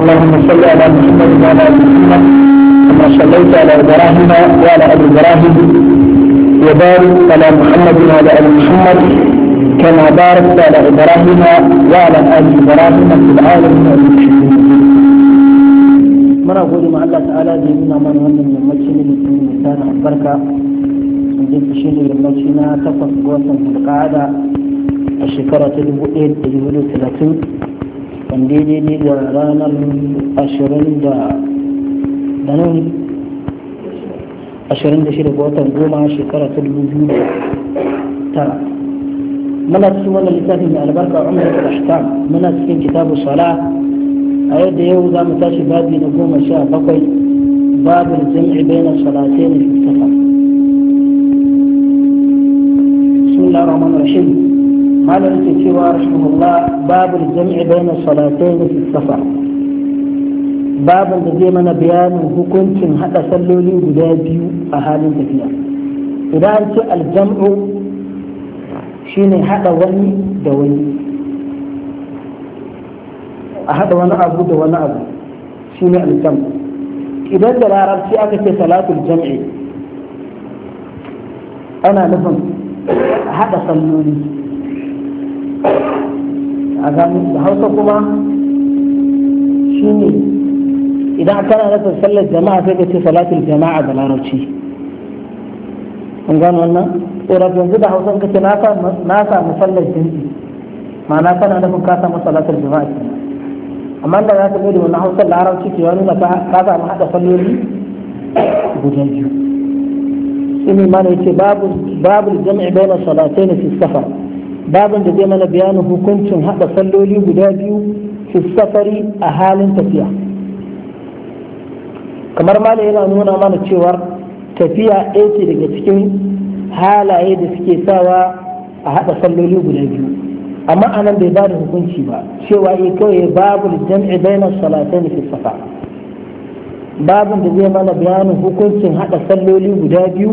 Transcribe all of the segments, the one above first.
اللهم صل على محمد وعلى ال محمد كما صليت على ابراهيم وعلى ال ابراهيم وبارك على محمد وعلى ال محمد كما باركت على ابراهيم وعلى ال ابراهيم في العالمين muna gode ma Allah ta'ala da nuna mana wannan yammaci ne da misalin albarka wanda ke shi ne yammaci na takwas ga watan alƙada a shekara ta dubu ɗaya da dubu talatin wanda ya daidai da ranar ashirin da danoni ashirin da shida ga watan goma shekara ta dubu biyu da tara muna cikin wannan littafin mai albarka umar da ahkam muna cikin kitabu sala a yadda yau za mu tashi babi na goma sha bakwai babin jam'i bayan salatai ne fi safar بسم الله الرحمن الرحيم قال الكتاب رحمه الله باب الجمع بين الصلاتين في السفر باب الذي من بيان حكم كن حدا صلولي غدا بيو احالين تفيا اذا انت الجمع شنو حدا وني دوي احد وانا ابو دو ابو شيني الجمع اذا انت عربتي اكي في صلاة الجمع انا نفهم حدا صلولي a gani da hausa kuma shi ne idan aka rana ta sallar jama'a sai ka ce salatul jama'a da larabci an gano wannan tsoron yanzu da hausa ka ce na samu sallar jinsi ma'ana kana nufin ka samu salatul jama'a ke amma da za ka mai da wannan hausar larabci ke wani ka samu haɗa salloli guda biyu shi ne mana yace babu jami'a jami'i bayan salatai na fi safar baban da zai mana bayanin hukuncin haɗa salloli guda biyu fi safari a halin tafiya kamar mala yana nuna mana cewar tafiya ɗaya ce daga cikin halaye da suke sawa a haɗa salloli guda biyu amma anan bai ba da hukunci ba cewa ya eh kawai babu jam'i bainar salatai ne fi safa babin da zai mana bayanin hukuncin haɗa salloli guda biyu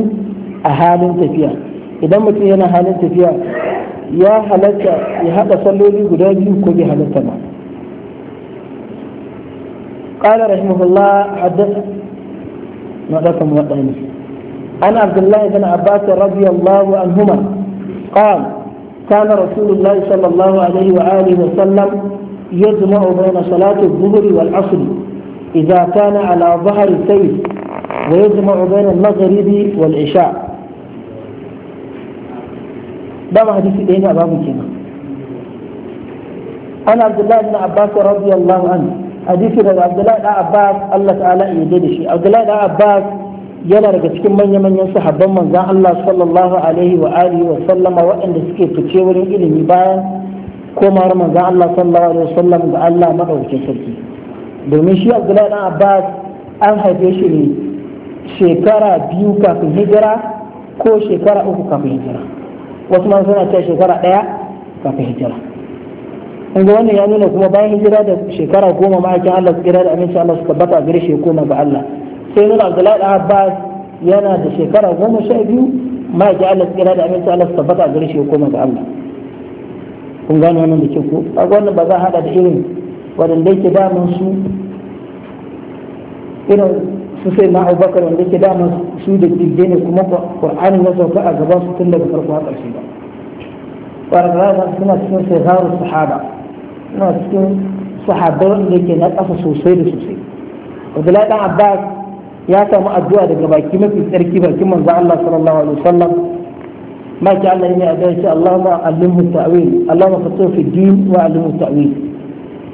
a halin tafiya idan mutum yana halin tafiya ya halatta ya haɗa salloli guda biyu ko bai halatta ba ƙala rahimahullah haddasa na ɗaukan waɗani an abdullahi bin abbas radiyallahu anhuma qal kana rasulullahi sallallahu alaihi wa alihi sallam yajma'u bayna salati adh wal 'asr idha kana ala dhahri sayf wa yajma'u bayna al wal 'isha' babu hadisi ɗaya da babu kenan an abdullahi ibn abbas radiyallahu anhu hadisi daga abdullahi ibn abbas Allah ta'ala ya yarda da shi abdullahi ibn abbas yana daga cikin manya-manyan sahabban manzan Allah sallallahu alaihi wa alihi wa sallama waɗanda suke fice wurin ilimi bayan komawar manzan Allah sallallahu alaihi wa sallam da Allah madaukakin sarki domin shi Abdullahi dan Abbas an haife shi ne shekara biyu kafin hijira ko shekara uku kafin hijira wasu ma suna cewa shekara ɗaya kafin hijira in ga wannan ya nuna kuma bayan hijira da shekara goma ma ake Allah su kira da aminci Allah su tabbata a gare shi koma ga Allah sai nuna Abdullahi da Abbas yana da shekara goma sha biyu ma ake Allah su kira da aminci Allah su tabbata a gare shi koma ga Allah kun gano wannan da kyau ko a wannan ba za a hada da irin wadanda yake damun su irin su sai na abubakar wanda ke dama su da jirgin ne kuma ƙur'ani ya sauka a gaban su tun daga farko a ƙarshe ba ƙwararra suna cikin sai haru sahaba suna cikin sahabar da ke na ƙasa sosai da sosai abdullahi ɗan abbas ya samu addu'a daga baki mafi tsarki bakin manzo Allah sallallahu alaihi wasallam ma ki Allah ne a dace Allahumma allimhu ta'wil Allahumma fatu fi din wa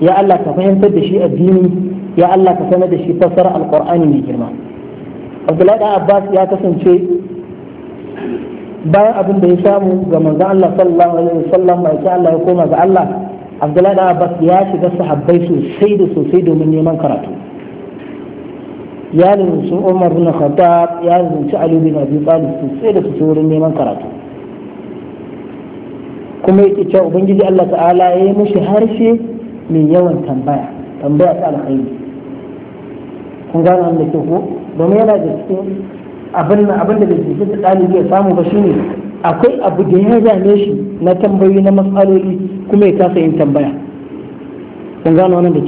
ya Allah ka fahimtar da shi addini ya Allah ka sanar da shi fassara alqur'ani mai girma Abdullahi da Abbas ya kasance bayan abin da ya samu ga manzon Allah sallallahu alaihi wasallam mai sai Allah ya koma ga Allah Abdullahi da Abbas ya shiga sahabbai sosai da sosai domin neman karatu ya lalace Umar bin Khattab ya lalace Ali bin Abi Talib sosai da sosai wurin neman karatu kuma yake cewa ubangiji Allah ta'ala ya yi harshe mai yawan tambaya tambaya ta alkhairi kun gane wanda ke ko domin yana da cikin abin da abin da bai jikin da ɗalibi ya samu ba shine akwai abu da ya zame shi na tambayoyi na matsaloli kuma ya kasa yin tambaya kun gane wannan da